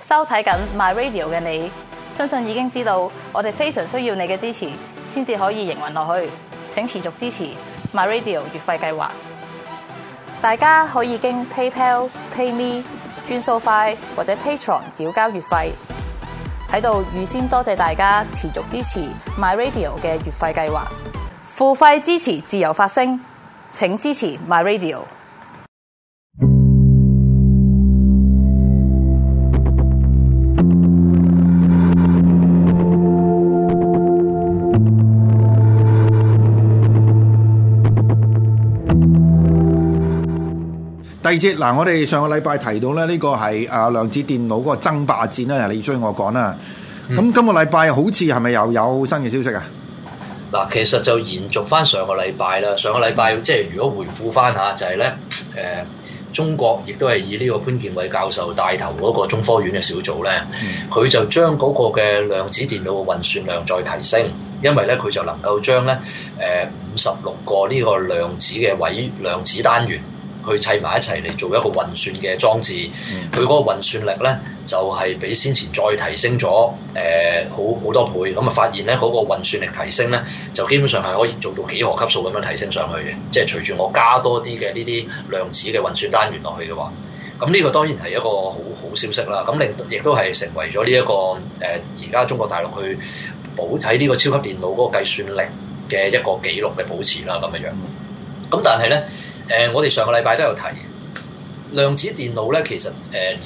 收睇緊 My Radio 嘅你，相信已經知道我哋非常需要你嘅支持，先至可以營運落去，請持續支持 My Radio 月費計劃。大家可以經 PayPal、PayMe、轉數快或者 Patreon 繳交月費，喺度預先多謝大家持續支持 My Radio 嘅月費計劃，付費支持自由發聲，請支持 My Radio。細節嗱，我哋上個禮拜提到咧，呢、這個係啊量子電腦嗰個爭霸戰啦，你追我趕啦。咁、嗯、今個禮拜好似係咪又有新嘅消息啊？嗱，其實就延續翻上個禮拜啦。上個禮拜即係如果回顧翻下，就係、是、咧，誒、呃，中國亦都係以呢個潘建偉教授帶頭嗰個中科院嘅小組咧，佢、嗯、就將嗰個嘅量子電腦嘅運算量再提升，因為咧佢就能夠將咧誒五十六個呢個量子嘅位量子單元。去砌埋一齊嚟做一個運算嘅裝置，佢嗰個運算力咧就係、是、比先前再提升咗誒、呃、好好多倍，咁啊發現咧嗰、那個運算力提升咧就基本上係可以做到幾何級數咁樣提升上去嘅，即係隨住我加多啲嘅呢啲量子嘅運算單元落去嘅話，咁呢個當然係一個好好消息啦。咁你亦都係成為咗呢一個誒而家中國大陸去保喺呢個超級電腦嗰個計算力嘅一個紀錄嘅保持啦，咁嘅樣。咁但係咧。誒，我哋上個禮拜都有提量子電腦咧，其實誒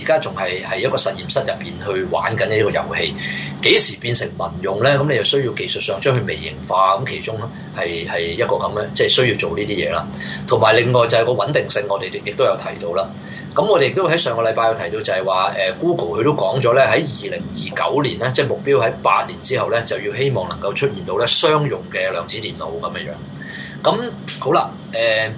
而家仲係係一個實驗室入邊去玩緊呢一個遊戲，幾時變成民用咧？咁你又需要技術上將佢微型化，咁其中咧係係一個咁咧，即係需要做呢啲嘢啦。同埋另外就係個穩定性，我哋亦都有提到啦。咁我哋亦都喺上個禮拜有提到就，就係話誒 Google 佢都講咗咧，喺二零二九年咧，即係目標喺八年之後咧，就要希望能夠出現到咧商用嘅量子電腦咁樣樣。咁好啦，誒、呃。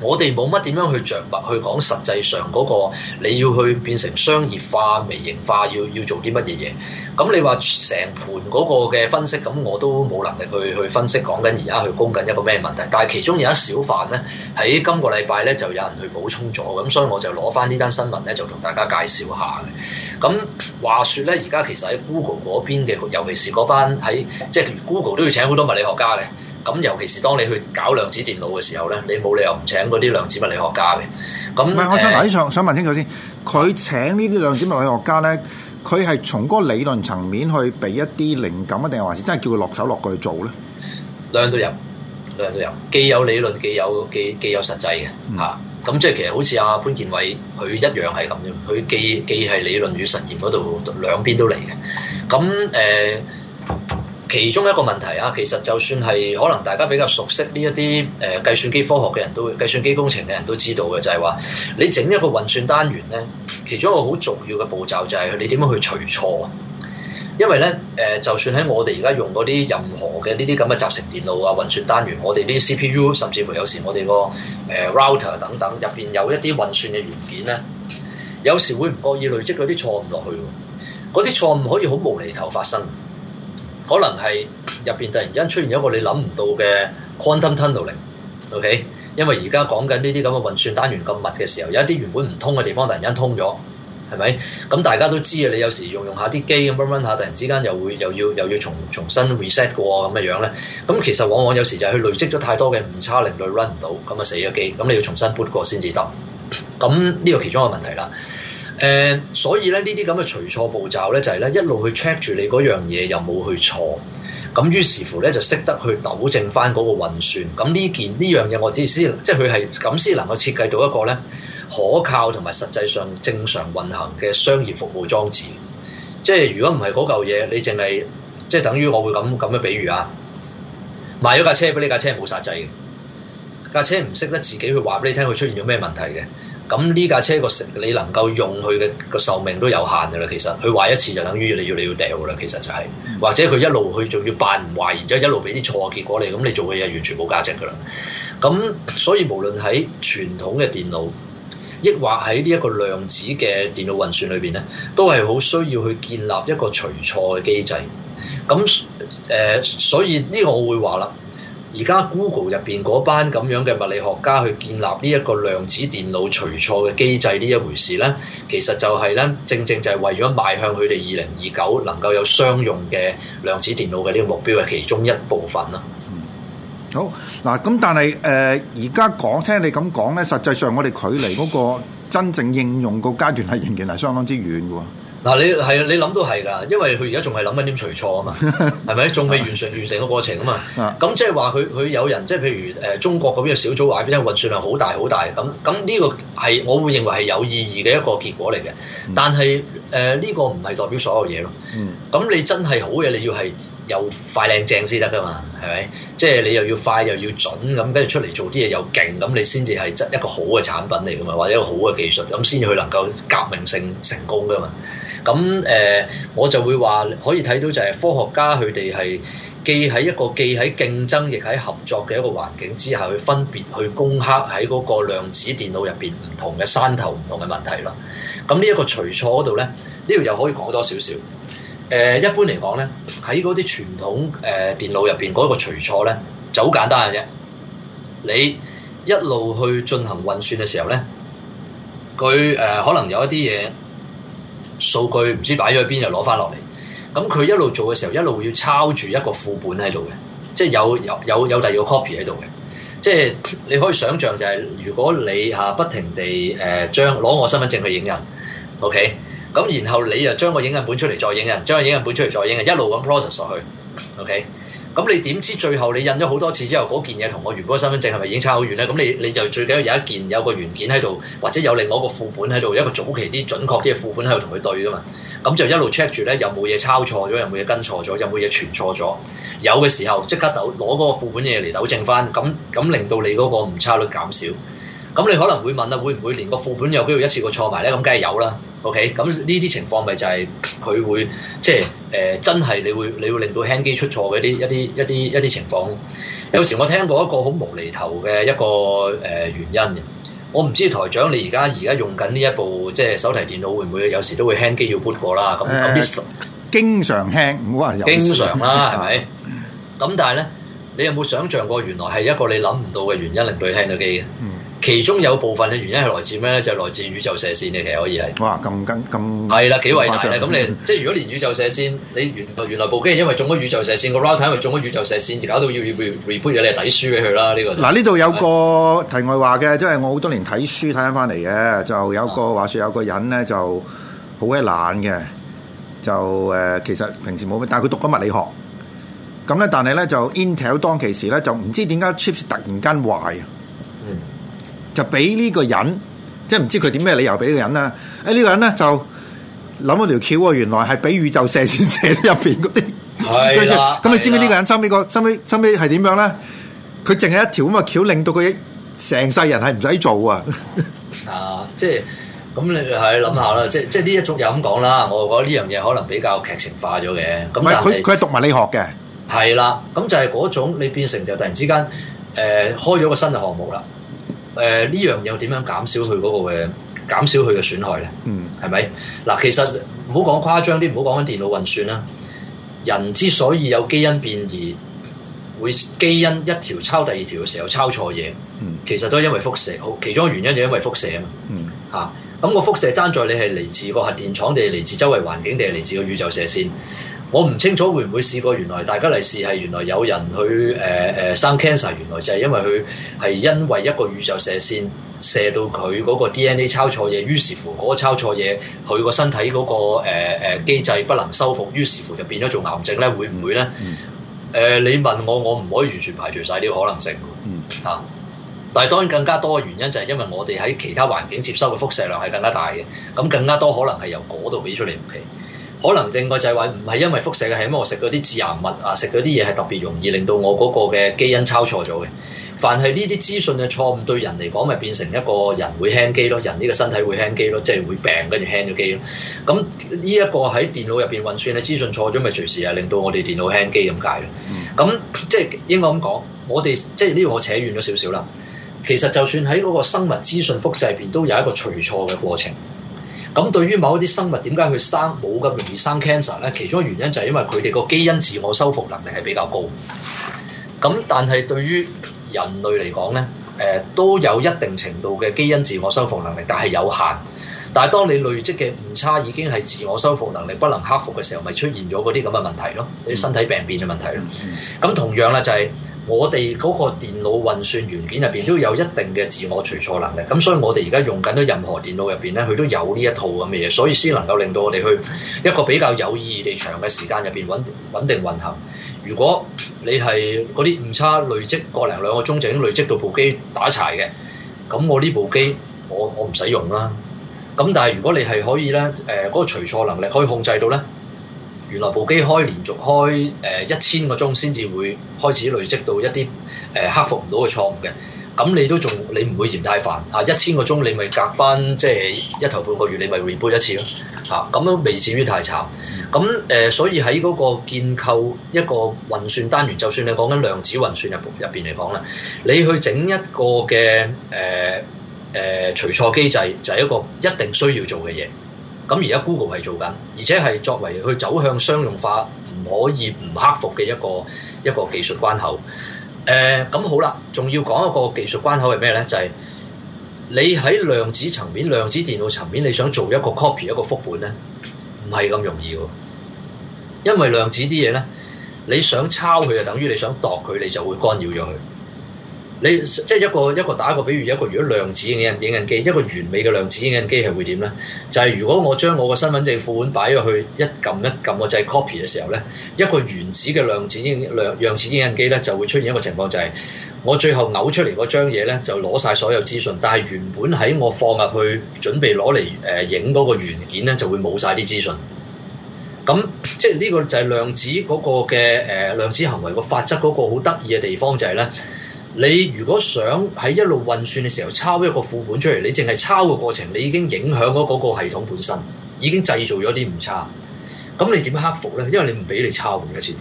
我哋冇乜點樣去着墨去講，實際上嗰個你要去變成商業化微型化，要要做啲乜嘢嘢？咁你話成盤嗰個嘅分析，咁我都冇能力去去分析，講緊而家去攻緊一個咩問題？但係其中有一小塊呢，喺今個禮拜呢，就有人去補充咗，咁所以我就攞翻呢單新聞呢，就同大家介紹下嘅。咁話說呢，而家其實喺 Google 嗰邊嘅，尤其是嗰班喺即係、就是、Google 都要請好多物理學家嘅。咁尤其是當你去搞量子電腦嘅時候咧，你冇理由唔請嗰啲量子物理學家嘅。咁唔係，我想睇上、呃、想問清楚先。佢請呢啲量子物理學家咧，佢係從嗰個理論層面去俾一啲靈感啊，定係還是真係叫佢落手落腳去做咧？兩樣都有，兩樣都有，既有理論，既有既有既有實際嘅嚇。咁、嗯啊、即係其實好似阿潘建偉，佢一樣係咁啫。佢既既係理論與實驗嗰度兩邊都嚟嘅。咁誒。呃其中一個問題啊，其實就算係可能大家比較熟悉呢一啲誒計算機科學嘅人都計算機工程嘅人都知道嘅，就係、是、話你整一個運算單元咧，其中一個好重要嘅步驟就係你點樣去除錯。因為咧誒、呃，就算喺我哋而家用嗰啲任何嘅呢啲咁嘅集成電路啊、運算單元，我哋啲 CPU 甚至乎有時我哋個誒、呃、router 等等入邊有一啲運算嘅元件咧，有時會唔覺意累積嗰啲錯誤落去，嗰啲錯誤可以好無厘頭發生。可能係入邊突然間出現一個你諗唔到嘅 quantum tunneling，OK？Okay？因為而家講緊呢啲咁嘅運算單元咁密嘅時候，有一啲原本唔通嘅地方突然間通咗，係咪？咁、嗯、大家都知啊，你有時用用一下啲機咁 run run 下，突然之間又會又要又要重重新 reset 過啊，咁嘅樣咧。咁、嗯、其實往往有時就係佢累積咗太多嘅誤差零亂 run 唔到，咁啊死咗機，咁、嗯、你要重新 boot 過先至得。咁呢個其中一個問題啦。誒，uh, 所以咧呢啲咁嘅除錯步驟咧，就係咧一路去 check 住你嗰樣嘢有冇去錯，咁於是乎咧就識得去糾正翻嗰個運算。咁呢件呢樣嘢，我只係先即係佢係咁先能夠設計到一個咧可靠同埋實際上正常運行嘅商業服務裝置。即係如果唔係嗰嚿嘢，你淨係即係等於我會咁咁嘅比喻啊，賣咗架車俾呢架車冇煞掣嘅，架車唔識得自己去話俾你聽，佢出現咗咩問題嘅。咁呢架車個你能夠用佢嘅個壽命都有限噶啦，其實佢壞一次就等於你要，你要掉噶啦，其實就係、是，或者佢一路去仲要扮唔壞，然之後一路俾啲錯嘅結果你，咁你做嘅嘢完全冇價值噶啦。咁所以無論喺傳統嘅電腦，亦或喺呢一個量子嘅電腦運算裏邊咧，都係好需要去建立一個除錯嘅機制。咁誒、呃，所以呢個我會話啦。而家 Google 入邊嗰班咁樣嘅物理學家去建立呢一個量子電腦除錯嘅機制呢一回事呢，其實就係呢，正正就係為咗邁向佢哋二零二九能夠有商用嘅量子電腦嘅呢個目標嘅其中一部分啦。嗯，好嗱，咁但係誒，而家講聽你咁講呢，實際上我哋距離嗰個真正應用個階段係仍然係相當之遠嘅喎。嗱你係啊，你諗都係㗎，因為佢而家仲係諗緊點除錯啊嘛，係咪？ 仲未完成完成個過程啊嘛，咁即係話佢佢有人即係譬如誒中國嗰邊嘅小組話，邊運算量好大好大咁，咁呢個係我會認為係有意義嘅一個結果嚟嘅，嗯、但係誒呢個唔係代表所有嘢咯。嗯，咁你真係好嘢，你要係。又快靚正先得噶嘛，係咪？即係你又要快又要準咁，跟住出嚟做啲嘢又勁咁，你先至係一個好嘅產品嚟噶嘛，或者一個好嘅技術咁，先至去能夠革命性成功噶嘛。咁誒、呃，我就會話可以睇到就係科學家佢哋係既喺一個既喺競爭亦喺合作嘅一個環境之下，去分別去攻克喺嗰個量子電腦入邊唔同嘅山頭唔同嘅問題囉。咁呢一個除錯嗰度咧，呢度又可以講多少少。誒、呃，一般嚟講咧。喺嗰啲傳統誒電腦入邊嗰個除錯咧，就好簡單嘅啫。你一路去進行運算嘅時候咧，佢誒、呃、可能有一啲嘢數據唔知擺咗喺邊，又攞翻落嚟。咁、嗯、佢一路做嘅時候，一路要抄住一個副本喺度嘅，即係有有有有第二個 copy 喺度嘅。即係你可以想像就係、是、如果你嚇不停地誒、呃、將攞我身份證去影印，OK。咁然後你就將個影印本出嚟再影印，將個影印本出嚟再影印，一路揾 process 落去，OK？咁你點知最後你印咗好多次之後，嗰件嘢同我原本身份證係咪已經差好遠呢？咁你你就最緊要有一件有一個原件喺度，或者有另外一個副本喺度，有一個早期啲準確啲嘅副本喺度同佢對噶嘛？咁就一路 check 住咧，有冇嘢抄錯咗，有冇嘢跟錯咗，有冇嘢傳錯咗？有嘅時候即刻就攞嗰個副本嘢嚟糾正返，咁咁令到你嗰個誤差率減少。咁你可能會問啦，會唔會連個副本有機會一次過錯埋咧？咁梗係有啦，OK？咁呢啲情況咪就係佢會即係誒、呃、真係你會你會令到 hang 機出錯嘅一啲一啲一啲一啲情況。有時我聽過一個好無厘頭嘅一個誒、呃、原因嘅，我唔知台長你而家而家用緊呢一部即係手提電腦會唔會有時都會 hang 機要 boot 過啦？咁、呃、你經常經常 hang 唔好話有經常啦，係咪 咁但係咧，你有冇想像過原來係一個你諗唔到嘅原因令到你 hang 機嘅？嗯其中有部分嘅原因係來自咩咧？就係、是、來自宇宙射線，你其實可以係哇咁跟咁係啦，幾偉大咁、嗯、你即係如果連宇宙射線，你原來原來部機因為中咗宇宙射線，個 round 因為中咗宇宙射線，搞到要要 r e p u 你係抵輸俾佢啦。呢、這個嗱呢度有個題外話嘅，即、就、係、是、我好多年睇書睇翻翻嚟嘅，就有個話說有個人咧就好鬼懶嘅，就誒、呃、其實平時冇咩，但係佢讀緊物理學咁咧，但係咧就，呢就 Intel 當其時咧就唔知點解 chips 突然間壞。就俾呢個人，即係唔知佢點咩理由俾呢個人啦。哎，呢個人咧就諗咗條橋啊！原來係俾宇宙射線射入邊嗰啲，係咁你知唔知呢個人收尾個收尾收尾係點樣咧？佢淨係一條咁嘅橋，令到佢成世人係唔使做啊！啊，即係咁，你係諗下啦。即係即係呢一種又咁講啦。我覺得呢樣嘢可能比較劇情化咗嘅。唔係，佢佢係讀物理學嘅，係啦。咁就係嗰種你變成就突然之間誒開咗個新嘅項目啦。誒呢、呃、樣嘢點樣減少佢嗰、個誒減少佢嘅損害咧？嗯，係咪？嗱，其實唔好講誇張啲，唔好講緊電腦運算啦。人之所以有基因變異，會基因一條抄第二條嘅時候抄錯嘢，其實都係因為輻射。好，其中原因就因為輻射啊嘛。啊嗯，嚇，咁個輻射爭在你係嚟自個核電廠，定係嚟自周圍環境，定係嚟自個宇宙射線？我唔清楚會唔會試過，原來大家嚟試係原來有人去誒誒、呃、生 cancer，原來就係因為佢係因為一個宇宙射線射到佢嗰個 DNA 抄錯嘢，於是乎嗰個抄錯嘢，佢個身體嗰、嗰個誒誒、呃、機制不能修復，於是乎就變咗做癌症咧，會唔會咧？誒、嗯呃，你問我，我唔可以完全排除晒呢個可能性嗯。啊，但係當然更加多嘅原因就係因為我哋喺其他環境接收嘅輻射量係更加大嘅，咁更加多可能係由嗰度俾出嚟唔奇。可能另外就係話唔係因為輻射嘅，係因為我食嗰啲致癌物啊，食嗰啲嘢係特別容易令到我嗰個嘅基因抄錯咗嘅。凡係呢啲資訊嘅錯誤對人嚟講，咪變成一個人會輕機咯，人呢個身體會輕機咯，即係會病，跟住輕咗機咯。咁呢一個喺電腦入邊運算咧，資訊錯咗咪隨時係令到我哋電腦輕機咁解咯。咁、嗯、即係應該咁講，我哋即係呢度我扯遠咗少少啦。其實就算喺嗰個生物資訊複製入邊，都有一個除錯嘅過程。咁對於某一啲生物點解佢生冇咁容易生 cancer 咧？其中嘅原因就係因為佢哋個基因自我修復能力係比較高。咁但係對於人類嚟講咧，誒、呃、都有一定程度嘅基因自我修復能力，但係有限。但係當你累積嘅誤差已經係自我修復能力不能克服嘅時候，咪出現咗嗰啲咁嘅問題咯，你身體病變嘅問題咯。咁同樣咧就係、是、我哋嗰個電腦運算元件入邊都有一定嘅自我除錯能力。咁所以我哋而家用緊咗任何電腦入邊咧，佢都有呢一套咁嘅嘢，所以先能夠令到我哋去一個比較有意義地長嘅時間入邊穩穩定運行。如果你係嗰啲誤差累積個零兩個鐘就已經累積到部機打柴嘅，咁我呢部機我我唔使用啦。咁但係如果你係可以咧，誒、呃、嗰、那個除錯能力可以控制到咧，原來部機開連續開誒一千個鐘先至會開始累積到一啲誒、呃、克服唔到嘅錯誤嘅，咁你都仲你唔會嫌太煩嚇，一、啊、千個鐘你咪隔翻即係一頭半個月你咪回 e 一次咯嚇，咁、啊、都未至於太慘。咁、啊、誒、呃、所以喺嗰個建構一個運算單元，就算你講緊量子運算入入邊嚟講啦，你去整一個嘅誒。呃誒除錯機制就係、是、一個一定需要做嘅嘢，咁而家 Google 係做緊，而且係作為去走向商用化，唔可以唔克服嘅一個一個技術關口。誒、呃，咁好啦，仲要講一個技術關口係咩咧？就係、是、你喺量子層面、量子電腦層面，你想做一個 copy 一個副本咧，唔係咁容易喎。因為量子啲嘢咧，你想抄佢，就等於你想度佢，你就會干擾咗佢。你即係一個一個打一個比喻，一個如果量子影印影印機，一個完美嘅量子影印機係會點呢？就係如果我將我個身份證副本擺入去一撳一撳個掣 copy 嘅時候呢，一個原子嘅量子影量量子影印機呢就會出現一個情況，就係我最後嘔出嚟嗰張嘢呢，就攞晒所有資訊，但係原本喺我放入去準備攞嚟誒影嗰個原件呢，就會冇晒啲資訊。咁即係呢個就係量子嗰個嘅誒量子行為個法則嗰個好得意嘅地方就係呢。你如果想喺一路運算嘅時候抄一個副本出嚟，你淨係抄嘅過程，你已經影響咗嗰個系統本身，已經製造咗啲誤差。咁你點克服呢？因為你唔俾你抄每一次。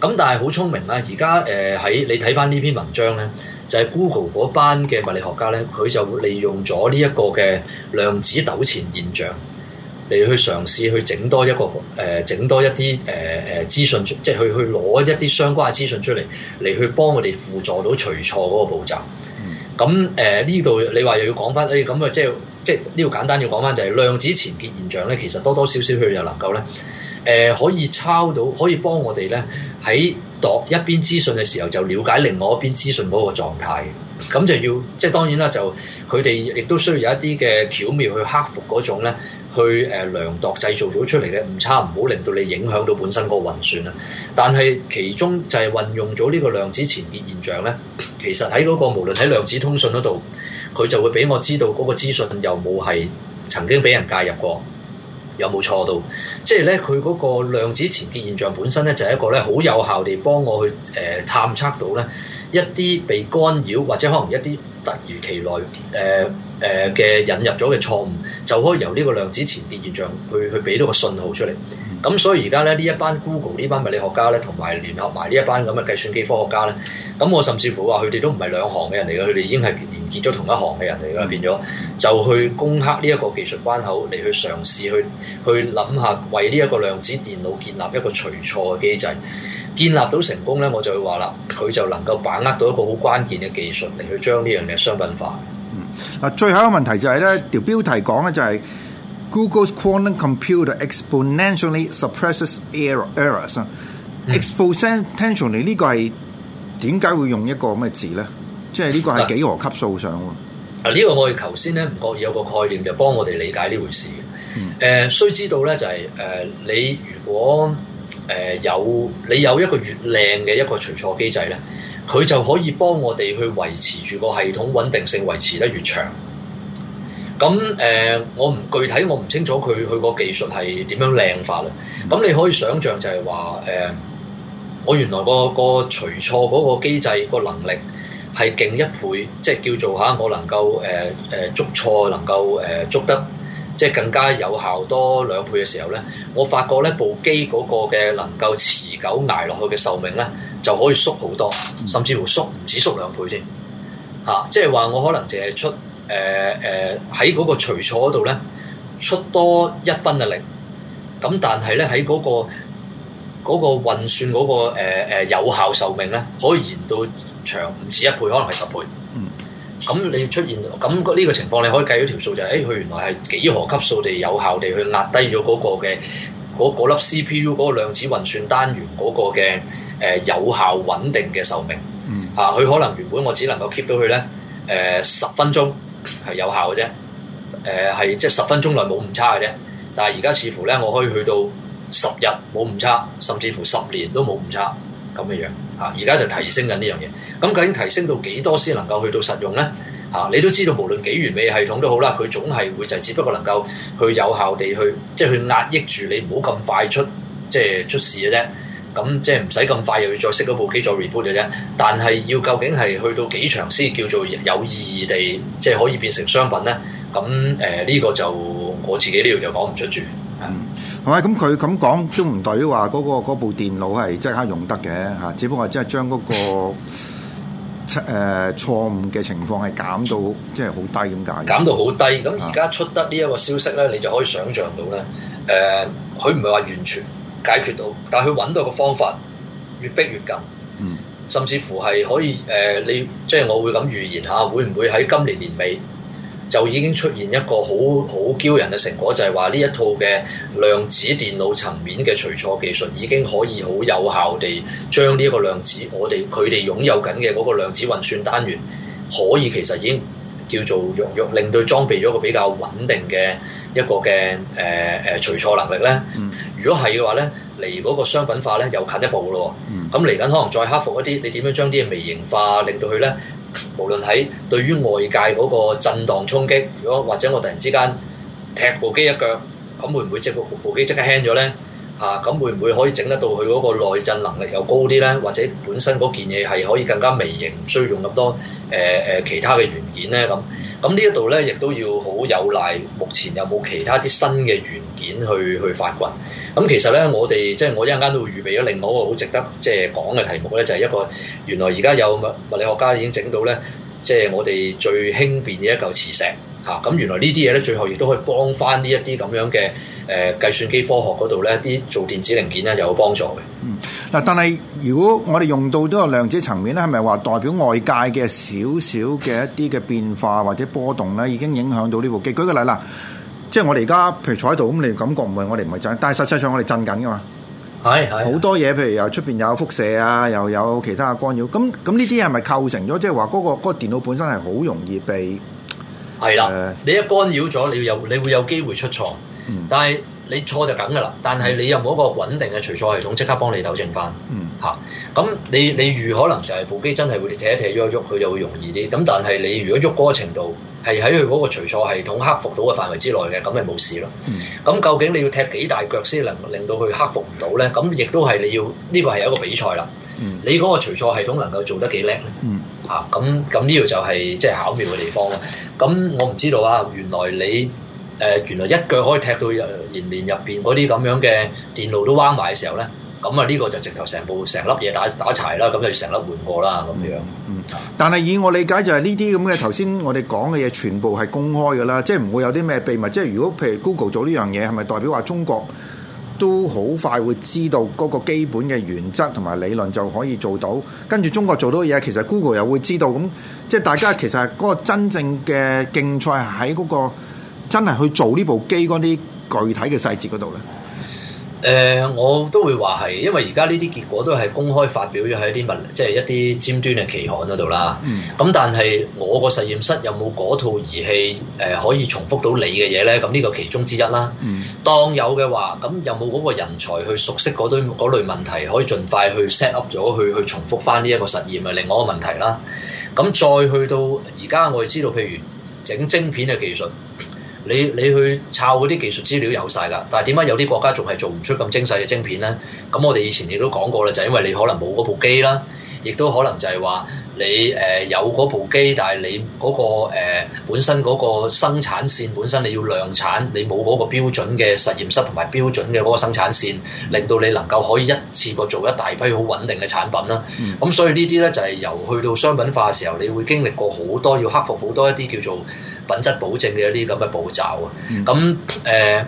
咁但係好聰明啊！而家誒喺你睇翻呢篇文章呢，就係、是、Google 嗰班嘅物理學家呢，佢就利用咗呢一個嘅量子糾纏現象。嚟去嘗試去整多一個誒、呃，整多一啲誒誒資訊出，即係去去攞一啲相關嘅資訊出嚟，嚟去幫我哋輔助到除錯嗰個步驟。咁誒呢度你話又要講翻，誒咁啊，即係即係呢個簡單要講翻就係量子纏結現象咧，其實多多少少佢又能夠咧誒、呃、可以抄到，可以幫我哋咧喺度一邊資訊嘅時候，就了解另外一邊資訊嗰個狀態。咁就要即係當然啦，就佢哋亦都需要有一啲嘅巧妙去克服嗰種咧。去誒量度製造咗出嚟嘅誤差唔好，令到你影響到本身嗰個運算啊！但係其中就係運用咗呢個量子纏結現象咧，其實喺嗰、嗰個無論喺量子通訊嗰度，佢就會俾我知道嗰個資訊有冇係曾經俾人介入過，有冇錯到？即係咧，佢嗰個量子纏結現象本身咧，就係、係、一個咧好有效地幫我去誒探測到咧一啲被干擾或者可能一啲突如其來誒。呃誒嘅引入咗嘅錯誤，就可以由呢個量子前邊現象去去俾到個信號出嚟。咁所以而家咧呢一班 Google 呢班物理學家咧，同埋聯合埋呢一班咁嘅計算機科學家咧，咁我甚至乎話佢哋都唔係兩行嘅人嚟嘅，佢哋已經係連結咗同一行嘅人嚟㗎，變咗就去攻克呢一個技術關口嚟去嘗試去去諗下為呢一個量子電腦建立一個除錯嘅機制。建立到成功咧，我就會話啦，佢就能夠把握到一個好關鍵嘅技術嚟去將呢樣嘢商品化。嗱，最後一個問題就係、是、咧，條標題講咧就係、是、Google's quantum computer exponentially suppresses error errors 啊、嗯，exponentially 呢個係點解會用一個咩字咧？即係呢個係幾何級數上喎、啊。啊，呢、這個我哋頭先咧，唔覺意有個概念就幫我哋理解呢回事嘅。誒、嗯，需、呃、知道咧就係、是、誒、呃，你如果誒、呃、有你有一個越靚嘅一個除錯機制咧。佢就可以幫我哋去維持住個系統穩定性，維持得越長。咁、呃、誒，我唔具體，我唔清楚佢佢個技術係點樣靚法啦。咁你可以想像就係話誒，我原來、那個、那個除錯嗰個機制個能力係勁一倍，即、就、係、是、叫做吓、啊、我能夠誒誒、呃、捉錯能夠誒、呃、捉得即係、就是、更加有效多兩倍嘅時候咧，我發覺咧部機嗰個嘅能夠持久捱落去嘅壽命咧，就可以縮好多，甚至乎縮唔止縮兩倍添。嚇、啊，即係話我可能淨係出誒誒喺嗰個除錯嗰度咧，出多一分嘅力。咁但係咧喺嗰個嗰、那個、運算嗰、那個誒、呃呃、有效壽命咧，可以延到長唔止一倍，可能係十倍。嗯。咁你出現咁呢個情況，你可以計咗條數就係、是：誒、哎，佢原來係幾何級數地有效地去壓低咗嗰個嘅嗰粒 C P U 嗰個量子運算單元嗰個嘅。誒、呃、有效穩定嘅壽命，嚇、啊、佢可能原本我只能夠 keep 到佢咧誒十分鐘係有效嘅啫，誒、呃、係即係十分鐘內冇誤差嘅啫。但係而家似乎咧，我可以去到十日冇誤差，甚至乎十年都冇誤差咁嘅樣嚇。而、啊、家就提升緊呢樣嘢。咁、啊、究竟提升到幾多先能夠去到實用咧？嚇、啊、你都知道，無論幾完美嘅系統都好啦，佢總係會就係、是、只不過能夠去有效地去即係去壓抑住你，唔好咁快出即係出事嘅啫。咁即係唔使咁快又要再熄嗰部機再 reboot 嘅啫，但係要究竟係去到幾長先叫做有意義地，即係可以變成商品咧？咁誒呢個就我自己呢度就講唔出住。係咪咁佢咁講都唔代表話嗰部電腦係即刻用得嘅吓？只不過係即係將嗰、嗰個、 呃、錯誒錯誤嘅情況係減到即係好低咁解。減到好低咁，而家出得呢一個消息咧，你就可以想象到咧。誒、呃，佢唔係話完全。解決到，但佢揾到個方法越逼越緊，嗯、甚至乎係可以誒、呃，你即係我會咁預言下，會唔會喺今年年尾就已經出現一個好好驕人嘅成果，就係話呢一套嘅量子電腦層面嘅除錯技術已經可以好有效地將呢一個量子，我哋佢哋擁有緊嘅嗰個量子運算單元，可以其實已經叫做用用令到裝備咗個比較穩定嘅一個嘅誒誒除錯能力咧。嗯如果係嘅話咧，離嗰個商品化咧又近一步咯喎。咁嚟緊可能再克服一啲，你點樣將啲嘢微型化，令到佢咧，無論喺對於外界嗰個震盪衝擊，如果或者我突然之間踢部機一腳，咁會唔會即部部，部機即刻輕咗咧？啊，咁會唔會可以整得到佢嗰個內震能力又高啲咧？或者本身嗰件嘢係可以更加微型，唔需要用咁多誒誒、呃、其他嘅元件咧？咁咁呢一度咧，亦都要好有賴目前有冇其他啲新嘅元件去去發掘。咁其實咧，我哋即係我一陣間都會預備咗另外一個好值得即係講嘅題目咧，就係、是、一個原來而家有物理學家已經整到咧，即係我哋最輕便嘅一嚿磁石。嚇、啊！咁原來呢啲嘢咧，最後亦都可以幫翻呢一啲咁樣嘅。誒、呃、計算機科學嗰度咧，啲做電子零件咧就有幫助嘅。嗯，嗱，但係如果我哋用到呢個量子層面咧，係咪話代表外界嘅少少嘅一啲嘅變化或者波動咧，已經影響到呢部機？舉個例啦，即係我哋而家譬如坐喺度咁，你感覺唔係我哋唔係震，但係實際上我哋震緊噶嘛。係好多嘢，譬如又出邊有輻射啊，又有其他嘅干擾。咁咁呢啲係咪構成咗即係話嗰個嗰、嗰個電腦本身係好容易被係啦的、呃，你一干擾咗，你有你會有機會出錯。但係你錯就梗噶啦，但係你有冇一個穩定嘅除錯系統，即刻幫你糾正翻？嚇、嗯，咁、啊、你你預可能就係部機真係會踢一踢喐一喐，佢就會容易啲。咁但係你如果喐嗰程度係喺佢嗰個除錯系統克服到嘅範圍之內嘅，咁咪冇事咯。咁、嗯、究竟你要踢幾大腳先能令到佢克服唔到咧？咁亦都係你要呢個係一個比賽啦。嗯、你嗰個除錯系統能夠做得幾叻咧？嚇、嗯，咁咁呢度就係即係巧妙嘅地方。咁我唔知道啊，原來你。誒、呃、原來一腳可以踢到研研研入邊嗰啲咁樣嘅電路都彎埋嘅時候咧，咁啊呢個就直頭成部成粒嘢打打柴啦，咁就成粒換過啦咁樣。嗯，但係以我理解就係呢啲咁嘅頭先我哋講嘅嘢全部係公開㗎啦，即係唔會有啲咩秘密。即係如果譬如 Google 做呢樣嘢，係咪代表話中國都好快會知道嗰個基本嘅原則同埋理論就可以做到？跟住中國做到嘅嘢，其實 Google 又會知道。咁即係大家其實嗰個真正嘅競賽係喺嗰個。真係去做呢部機嗰啲具體嘅細節嗰度咧？誒、呃，我都會話係，因為而家呢啲結果都係公開發表咗喺啲物，即係一啲尖端嘅期刊嗰度啦。咁、嗯、但係我個實驗室有冇嗰套儀器誒、呃、可以重複到你嘅嘢咧？咁呢個其中之一啦。嗯、當有嘅話，咁有冇嗰個人才去熟悉嗰堆嗰類問題，可以盡快去 set up 咗去去重複翻呢一個實驗係另外一個問題啦。咁再去到而家我哋知道，譬如整晶片嘅技術。你你去抄嗰啲技術資料有晒㗎，但係點解有啲國家仲係做唔出咁精細嘅晶片呢？咁我哋以前亦都講過啦，就係、因為你可能冇嗰部機啦，亦都可能就係話你誒有嗰部機，但係你嗰、嗰個、呃、本身嗰個生產線本身你要量產，你冇嗰個標準嘅實驗室同埋標準嘅嗰個生產線，令到你能夠可以一次過做一大批好穩定嘅產品啦。咁、嗯、所以呢啲呢，就係、係、由去到商品化嘅時候，你會經歷過好多要克服好多一啲叫做品質保證嘅一啲咁嘅步驟啊，咁誒、嗯呃，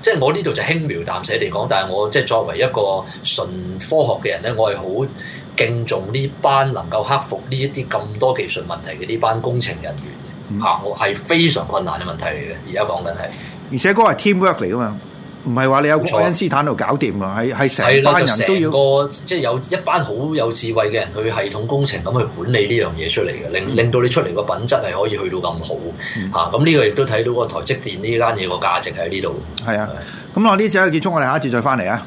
即係我呢度就輕描淡寫嚟講，但係我即係作為一個純科學嘅人咧，我係好敬重呢班能夠克服呢一啲咁多技術問題嘅呢班工程人員、嗯、啊，我係非常困難嘅問題嚟嘅，而家講緊係，而且嗰個係 teamwork 嚟㗎嘛。唔係話你有愛因斯坦度搞掂錯啊？係係成班人都要、啊、個即係、就係、有一班好有智慧嘅人去系統工程咁去管理呢樣嘢出嚟嘅，令令到你出嚟個品質係可以去到咁好嚇。咁呢個亦都睇到個台積電呢單嘢個價值喺呢度。係啊，咁的我呢次嘅結束我哋下一節再翻嚟啊。